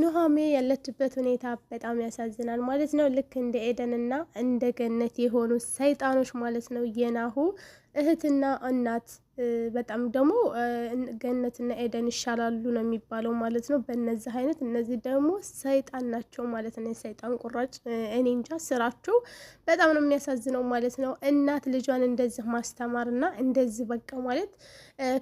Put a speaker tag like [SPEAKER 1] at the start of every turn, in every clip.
[SPEAKER 1] ኑሃሜ ያለችበት ሁኔታ በጣም ያሳዝናል ማለት ነው። ልክ እንደ ኤደን ና እንደ ገነት የሆኑ ሰይጣኖች ማለት ነው የናሁ እህትና እናት በጣም ደግሞ ገነትና ኤደን ይሻላሉ ነው የሚባለው ማለት ነው። በነዚህ አይነት እነዚህ ደግሞ ሰይጣን ናቸው ማለት ነው። የሰይጣን ቁራጭ እኔ እንጃ ስራቸው በጣም ነው የሚያሳዝነው ማለት ነው። እናት ልጇን እንደዚህ ማስተማርና እንደዚህ በቃ ማለት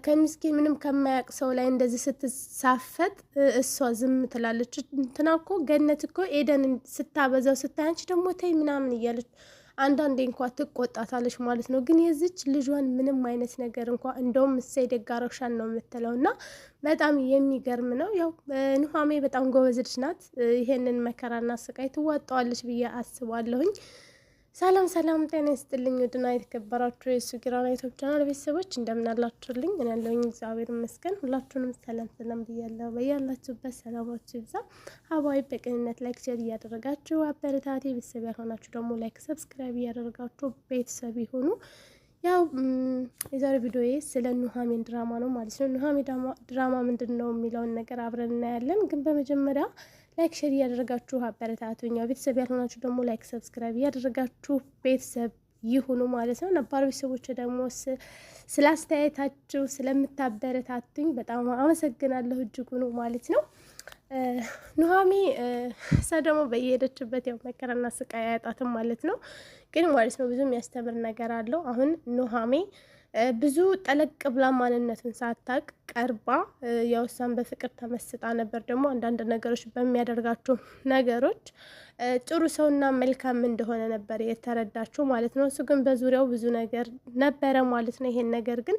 [SPEAKER 1] ከምስኪን ምንም ከማያውቅ ሰው ላይ እንደዚህ ስትሳፈጥ እሷ ዝም ትላለች። እንትና እኮ ገነት እኮ ኤደን ስታበዛው ስታያንች ደግሞ ተይ ምናምን እያለች አንዳንዴ እንኳ ትቆጣታለች ማለት ነው። ግን የዚች ልጇን ምንም አይነት ነገር እንኳ እንደውም እሰይ ደጋረሻን ነው የምትለው እና በጣም የሚገርም ነው። ያው ኑሃሜ በጣም ጎበዝ ልጅ ናት። ይሄንን መከራና ስቃይ ትዋጠዋለች ብዬ አስባለሁኝ። ሰላም ሰላም፣ ጤና ይስጥልኝ ውድና የተከበራችሁ የእሱ ጊራና ዩቱብ ቻናል ቤተሰቦች እንደምን አላችሁልኝ? እኔ ያለሁኝ እግዚአብሔር ይመስገን። ሁላችሁንም ሰላም ሰላም ብያለሁ። በያላችሁበት ሰላማችሁ ይብዛ። አባይ በቅንነት ላይክ ሼር እያደረጋችሁ አበረታቴ ቤተሰብ ያልሆናችሁ ደግሞ ላይክ ሰብስክራይብ እያደረጋችሁ ቤተሰብ ይሁኑ። ያው የዛሬ ቪዲዮዬ ስለ ኑሐሚን ድራማ ነው ማለት ነው። ኑሐሚን ድራማ ምንድን ነው የሚለውን ነገር አብረን እናያለን። ግን በመጀመሪያ ላይክ ሼር እያደረጋችሁ አበረታቱኛ። ቤተሰብ ያልሆናችሁ ደግሞ ላይክ ሰብስክራይብ እያደረጋችሁ ቤተሰብ ይሁኑ ማለት ነው። ነባር ቤተሰቦች ደግሞ ስለ አስተያየታችሁ ስለምታበረታቱኝ በጣም አመሰግናለሁ እጅጉ ነው ማለት ነው። ኑሃሚ እሷ ደግሞ በየሄደችበት ያው መከራና ስቃይ አያጣትም ማለት ነው። ግን ማለት ነው ብዙ የሚያስተምር ነገር አለው። አሁን ኑሃሚ ብዙ ጠለቅ ብላ ማንነትን ሳታቅ ቀርባ ያው እሷን በፍቅር ተመስጣ ነበር። ደግሞ አንዳንድ ነገሮች በሚያደርጋቸው ነገሮች ጥሩ ሰውና መልካም እንደሆነ ነበር የተረዳችው ማለት ነው። እሱ ግን በዙሪያው ብዙ ነገር ነበረ ማለት ነው። ይሄን ነገር ግን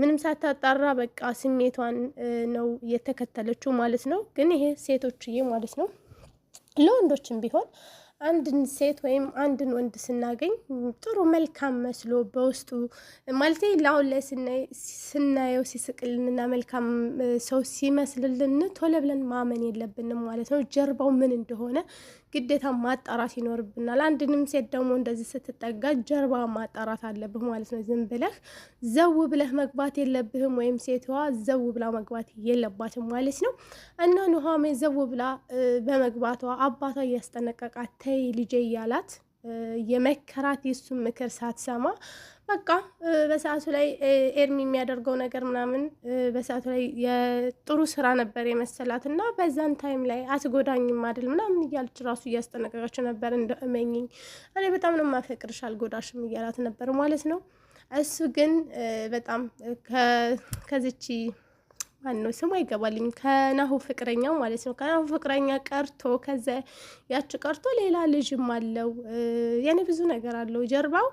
[SPEAKER 1] ምንም ሳታጣራ በቃ ስሜቷን ነው የተከተለችው ማለት ነው። ግን ይሄ ሴቶችዬ ማለት ነው ለወንዶችም ቢሆን አንድን ሴት ወይም አንድን ወንድ ስናገኝ ጥሩ መልካም መስሎ በውስጡ ማለት ለአሁን ላይ ስናየው ሲስቅልንና መልካም ሰው ሲመስልልን ቶሎ ብለን ማመን የለብንም ማለት ነው። ጀርባው ምን እንደሆነ ግዴታ ማጣራት ይኖርብናል። አንድንም ሴት ደግሞ እንደዚህ ስትጠጋ ጀርባ ማጣራት አለብህ ማለት ነው። ዝም ብለህ ዘው ብለህ መግባት የለብህም ወይም ሴትዋ ዘው ብላ መግባት የለባትም ማለት ነው እና ኑሃሜ ዘው ብላ በመግባቷ አባቷ እያስጠነቀቃት ተይ ልጄ እያላት የመከራት የሱን ምክር ሳትሰማ በቃ በሰዓቱ ላይ ኤርሚ የሚያደርገው ነገር ምናምን በሰዓቱ ላይ የጥሩ ስራ ነበር የመሰላት እና በዛን ታይም ላይ አትጎዳኝም አይደል ምናምን እያለች ራሱ እያስጠነቀቀችው ነበር። እንደ እመኝኝ እኔ በጣም ነው የማፈቅርሽ አልጎዳሽም እያላት ነበር ማለት ነው። እሱ ግን በጣም ከዚቺ ማን ነው ስሙ አይገባልኝ፣ ከናሁ ፍቅረኛ ማለት ነው። ከናሁ ፍቅረኛ ቀርቶ ከዛ ያች ቀርቶ ሌላ ልጅም አለው። ያኔ ብዙ ነገር አለው ጀርባው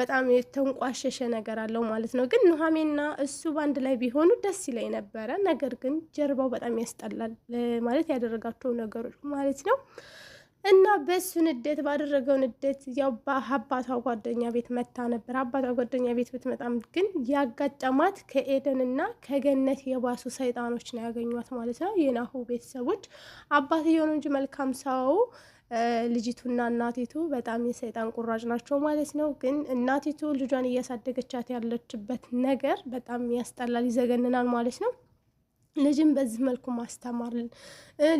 [SPEAKER 1] በጣም የተንቋሸሸ ነገር አለው ማለት ነው። ግን ኑሐሚንና እሱ በአንድ ላይ ቢሆኑ ደስ ይለኝ ነበረ። ነገር ግን ጀርባው በጣም ያስጠላል ማለት ያደረጋቸው ነገሮች ማለት ነው። እና በሱ ንዴት ባደረገው ንዴት ያው አባቷ ጓደኛ ቤት መታ ነበር። አባቷ ጓደኛ ቤት ብትመጣም ግን ያጋጠማት ከኤደን እና ከገነት የባሱ ሰይጣኖች ነው ያገኟት ማለት ነው። የናሁ ቤተሰቦች አባትየው ነው እንጂ መልካም ሰው ልጅቱና እናቲቱ በጣም የሰይጣን ቁራጭ ናቸው ማለት ነው። ግን እናቲቱ ልጇን እያሳደገቻት ያለችበት ነገር በጣም ያስጠላል፣ ይዘገንናል ማለት ነው። ልጅን በዚህ መልኩ ማስተማር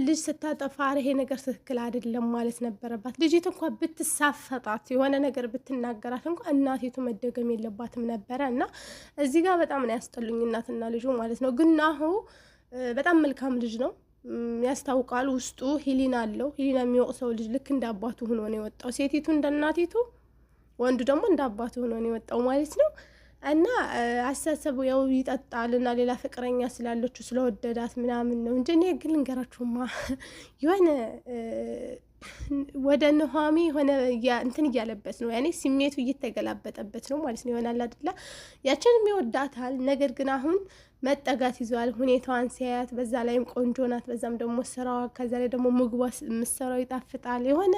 [SPEAKER 1] ልጅ ስታጠፋ ይሄ ነገር ትክክል አይደለም ማለት ነበረባት። ልጅት እንኳ ብትሳፈጣት የሆነ ነገር ብትናገራት እንኳ እናቴቱ መደገም የለባትም ነበረ እና እዚህ ጋር በጣም ነው ያስጠሉኝ እናትና ልጁ ማለት ነው። ግን ናሁ በጣም መልካም ልጅ ነው ያስታውቃል። ውስጡ ሂሊና አለው። ሂሊና የሚወቅሰው ልጅ ልክ እንደ አባቱ ሆኖ ነው የወጣው። ሴቲቱ እንደ እናቲቱ፣ ወንዱ ደግሞ እንደ አባቱ ሆኖ ነው የወጣው ማለት ነው። እና አስተሳሰቡ ያው ይጠጣል እና ሌላ ፍቅረኛ ስላለች ስለወደዳት ምናምን ነው እንጂ እኔ ግን ልንገራችሁማ የሆነ ወደ ኑሃሚ የሆነ እንትን እያለበት ነው ያኔ ስሜቱ እየተገላበጠበት ነው ማለት ነው። ይሆናል አይደለ? ያችንም ይወዳታል። ነገር ግን አሁን መጠጋት ይዟል። ሁኔታዋን ሲያያት፣ በዛ ላይም ቆንጆ ናት፣ በዛም ደግሞ ስራዋ፣ ከዛ ላይ ደግሞ ምግቧ፣ ምሰራው ይጣፍጣል የሆነ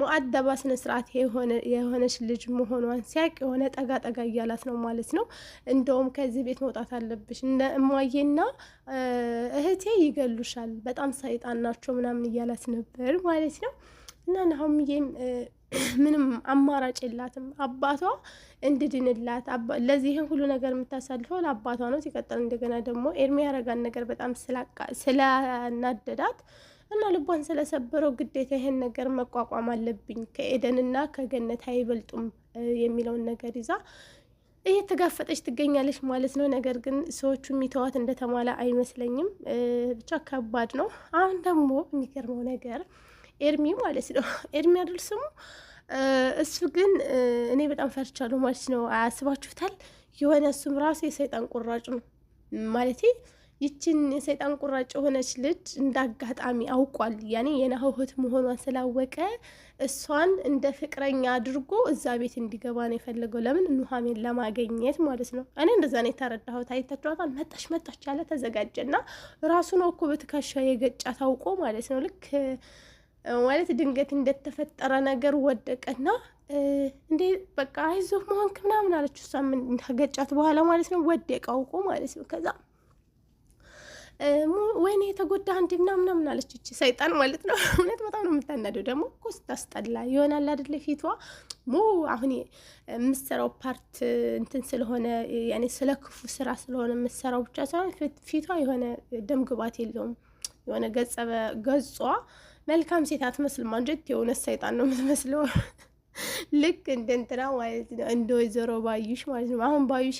[SPEAKER 1] ሙአደባ ስነስርዓት የሆነች ልጅ መሆኗን ሲያቅ የሆነ ጠጋ ጠጋ እያላት ነው ማለት ነው። እንደውም ከዚህ ቤት መውጣት አለብሽ እነ እማዬና እህቴ ይገሉሻል፣ በጣም ሰይጣን ናቸው ምናምን እያላት ነበር ማለት ነው እና ናሁምዬም ምንም አማራጭ የላትም። አባቷ እንድድንላት ለዚህ ሁሉ ነገር የምታሳልፈው ለአባቷ ነው። ሲቀጥል እንደገና ደግሞ ኤርሚ ያረጋን ነገር በጣም ስላናደዳት እና ልቧን ስለሰበረው ግዴታ ይህን ነገር መቋቋም አለብኝ ከኤደንና ከገነት አይበልጡም የሚለውን ነገር ይዛ እየተጋፈጠች ትገኛለች ማለት ነው። ነገር ግን ሰዎቹ የሚተዋት እንደተሟላ አይመስለኝም። ብቻ ከባድ ነው። አሁን ደግሞ የሚገርመው ነገር ኤርሚ ማለት ነው። ኤርሚ አይደል ስሙ? እሱ ግን እኔ በጣም ፈርቻለሁ ማለት ነው። አያስባችሁታል? የሆነ እሱም ራሱ የሰይጣን ቁራጭ ነው ማለት ይችን የሰይጣን ቁራጭ የሆነች ልጅ እንዳጋጣሚ አውቋል። ያኔ የናህውህት መሆኗን ስላወቀ እሷን እንደ ፍቅረኛ አድርጎ እዛ ቤት እንዲገባ ነው የፈለገው። ለምን ኑሐሜን ለማገኘት ማለት ነው። እኔ እንደዛ ነው የተረዳሁት። አይታችኋታል። መጣሽ መጣች ያለ ተዘጋጀና ራሱ ነው እኮ በትከሻ የገጫ ታውቆ ማለት ነው ልክ ማለት ድንገት እንደተፈጠረ ነገር ወደቀና እንዴ በቃ አይዞህ መሆንክ ምናምን አለች። እሷ ምን ከገጫት በኋላ ማለት ነው ወደቀ አውቆ ማለት ነው። ከዛ ወይኔ የተጎዳ አንድ ምናምን ምን አለች። እቺ ሰይጣን ማለት ነው። እውነት በጣም ነው የምታናደው። ደግሞ እኮ ስታስጠላ ይሆናል አይደለ? ፊቷ ሙ አሁን የምሰራው ፓርት እንትን ስለሆነ ያኔ ስለ ክፉ ስራ ስለሆነ የምሰራው ብቻ ሳይሆን ፊቷ የሆነ ደም ግባት የለውም የሆነ ገጸ ገጿ መልካም ሴት አትመስልም። አንጀት የሆነ ሰይጣን ነው የምትመስለው። ልክ እንደ እንትና ማለት ነው፣ እንደ ወይዘሮ ባዩሽ ማለት ነው። አሁን ባዩሽ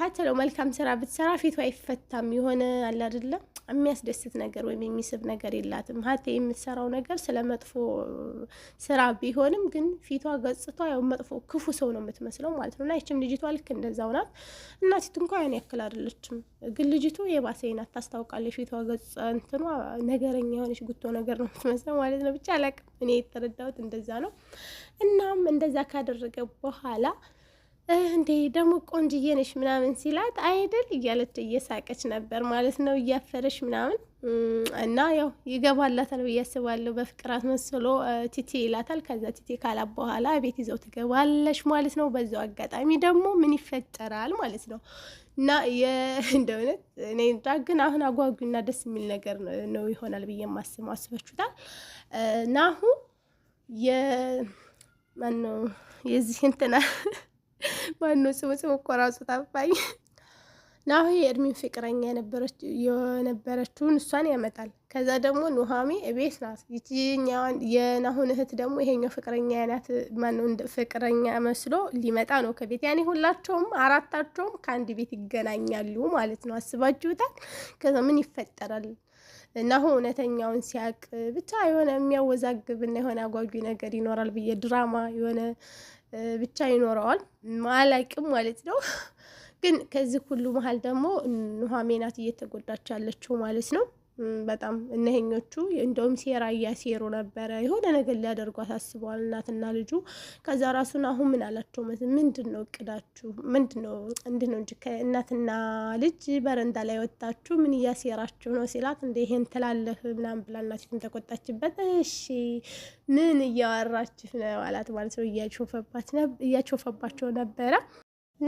[SPEAKER 1] ሀተለው መልካም ስራ ብትሰራ ፊቱ አይፈታም። የሆነ አለ አይደለም የሚያስደስት ነገር ወይም የሚስብ ነገር የላትም። ሀቴ የምትሰራው ነገር ስለ መጥፎ ስራ ቢሆንም ግን ፊቷ ገጽቷ ያው መጥፎ ክፉ ሰው ነው የምትመስለው ማለት ነው። እና ይችም ልጅቷ ልክ እንደዛው ናት። እናቲቱ እንኳ ያን ያክል አይደለችም፣ ግን ልጅቱ የባሰ ናት ታስታውቃለች። ፊቷ ገጽ እንትኗ ነገረኛ የሆነች ጉቶ ነገር ነው የምትመስለው ማለት ነው። ብቻ አላቅም እኔ የተረዳሁት እንደዛ ነው። እናም እንደዛ ካደረገ በኋላ እንዴ ደግሞ ቆንጅዬ ነሽ ምናምን ሲላት አይደል እያለች እየሳቀች ነበር ማለት ነው፣ እያፈረሽ ምናምን እና ያው ይገባላታል ብዬ አስባለሁ። በፍቅራት መስሎ ቲቲ ይላታል። ከዛ ቲቲ ካላት በኋላ ቤት ይዘው ትገባለሽ ማለት ነው። በዛው አጋጣሚ ደግሞ ምን ይፈጠራል ማለት ነው። እና እንደ እውነት እኔ እንጃ ግን አሁን አጓጉና ደስ የሚል ነገር ነው ይሆናል ብዬ የማስበው። አስበችሁታል ናሁ የማን ነው የዚህ እንትና ማነው ስሙ ስሙ እኮ ራሱ ታፋኝ። ናሁ የእድሜ ፍቅረኛ የነበረችውን እሷን ያመጣል። ከዛ ደግሞ ኑሃሜ እቤት ናት። ይችኛዋን የናሁን እህት ደግሞ ይሄኛው ፍቅረኛ ናት። ማነው ፍቅረኛ መስሎ ሊመጣ ነው ከቤት። ያኔ ሁላቸውም አራታቸውም ከአንድ ቤት ይገናኛሉ ማለት ነው። አስባችሁታል? ከዛ ምን ይፈጠራል? ናሁ እውነተኛውን ሲያቅ ብቻ የሆነ የሚያወዛግብና የሆነ አጓጊ ነገር ይኖራል ብዬ ድራማ የሆነ ብቻ ይኖረዋል አላቅም ማለት ነው። ግን ከዚህ ሁሉ መሀል ደግሞ ኑሃሜ ናት እየተጎዳች ያለችው ማለት ነው። በጣም እነሄኞቹ እንደውም ሴራ እያሴሩ ነበረ። የሆነ ነገር ሊያደርጓት አስበዋል እናትና ልጁ። ከዛ ራሱን አሁን ምን አላቸው? ምንድን ነው እቅዳችሁ? ምንድን ነው እንድን ነው እንጂ ከእናትና ልጅ በረንዳ ላይ ወጣችሁ ምን እያሴራችሁ ነው ሲላት፣ እንደ ይሄን ትላለህ ምናምን ብላ እናትሽን ተቆጣችበት። እሺ ምን እያወራችሁ ነው አላት ማለት ነው። እያሾፈባቸው ነበረ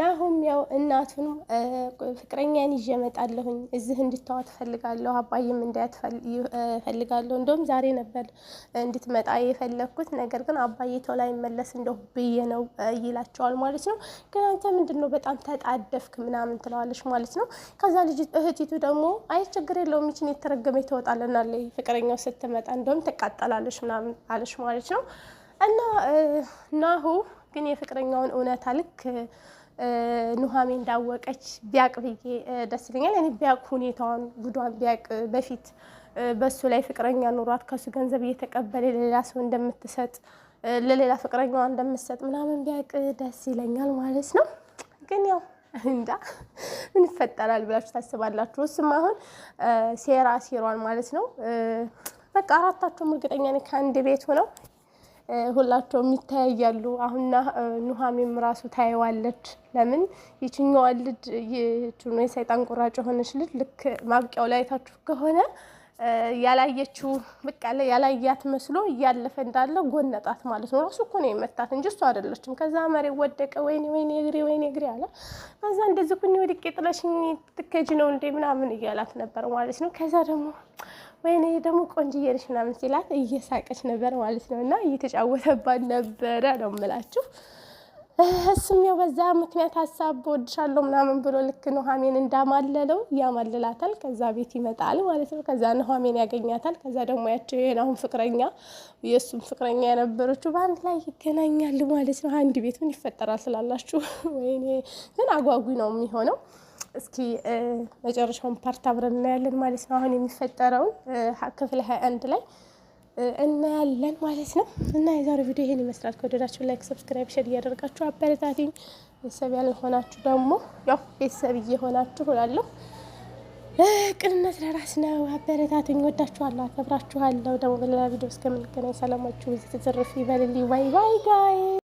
[SPEAKER 1] ናሁም ያው እናቱን ፍቅረኛን ይዤ እመጣለሁኝ እዚህ እንድታዋት ትፈልጋለሁ አባይም እንዳያት እፈልጋለሁ። እንደውም ዛሬ ነበር እንድትመጣ የፈለግኩት፣ ነገር ግን አባዬ ቶሎ አይመለስ እንደው ብዬ ነው ይላቸዋል ማለት ነው። ግን አንተ ምንድን ነው በጣም ተጣደፍክ ምናምን ትለዋለች ማለት ነው። ከዛ ልጅ እህቲቱ ደግሞ አይ ችግር የለውም ይችን የተረገመ ትወጣለና ፍቅረኛው ስትመጣ እንደውም ትቃጠላለች ምናምን አለች ማለት ነው። እና ናሁ ግን የፍቅረኛውን እውነታ ልክ ኑሃሜ እንዳወቀች ቢያቅ ብዬ ደስ ይለኛል። እኔ ቢያቅ ሁኔታዋን ጉዷን ቢያቅ በፊት በሱ ላይ ፍቅረኛ ኑሯት ከሱ ገንዘብ እየተቀበለ ለሌላ ሰው እንደምትሰጥ ለሌላ ፍቅረኛዋ እንደምትሰጥ ምናምን ቢያቅ ደስ ይለኛል ማለት ነው። ግን ያው እንዳ ምን ይፈጠራል ብላችሁ ታስባላችሁ? እሱም አሁን ሴራ ሴሯን ማለት ነው። በቃ አራታቸውም እርግጠኛ ከአንድ ቤት ሆነው ሁላቸውም ይተያያሉ። አሁንና ኑሃሚም ራሱ ታየዋለች። ለምን ይችኛዋ ልጅ ይችኑ የሰይጣን ቁራጭ የሆነች ልጅ ልክ ማብቂያው ላይ ታችሁ ከሆነ ያላየችው በቃ ያላያት መስሎ እያለፈ እንዳለ ጎነጣት ማለት ነው። ራሱ እኮ ነው የመታት እንጂ እሱ አይደለችም። ከዛ መሬት ወደቀ። ወይኔ ወይኔ እግሬ ወይኔ እግሬ አለ። ከዛ እንደዚህ ኩኝ ወድቄ ጥለሽኝ ትከጂ ነው እንዴ ምናምን እያላት ነበር ማለት ነው። ከዛ ደግሞ ወይኔ ደግሞ ቆንጅዬ ነሽ ምናምን ሲላት እየሳቀች ነበር ማለት ነው። እና እየተጫወተባት ነበረ ነው የምላችሁ። እሱም ያው በዛ ምክንያት ሀሳብ በወድሻለሁ ምናምን ብሎ ልክ ኑሐሚን እንዳማለለው ያማልላታል። ከዛ ቤት ይመጣል ማለት ነው። ከዛ ኑሐሚን ያገኛታል። ከዛ ደግሞ ያቸው የናሁን ፍቅረኛ የእሱም ፍቅረኛ የነበረችው በአንድ ላይ ይገናኛል ማለት ነው። አንድ ቤት ምን ይፈጠራል ስላላችሁ፣ ወይኔ ግን አጓጉ ነው የሚሆነው። እስኪ መጨረሻውን ፓርት አብረን እናያለን ማለት ነው። አሁን የሚፈጠረውን ክፍል ሀያ አንድ ላይ እናያለን ማለት ነው። እና የዛሬ ቪዲዮ ይሄን ይመስላል። ከወደዳችሁ ላይክ፣ ሰብስክራይብ፣ ሸር እያደረጋችሁ አበረታትኝ። ቤተሰብ ያልሆናችሁ ደግሞ ያው ቤተሰብ እየሆናችሁ ሆናለሁ። ቅንነት ለራስ ነው። አበረታትኝ። ወዳችኋለሁ፣ አከብራችኋለሁ። ደግሞ በሌላ ቪዲዮ እስከምንገናኝ ሰላማችሁ ዝትዝርፍ ይበልልኝ። ባይ ባይ ጋይ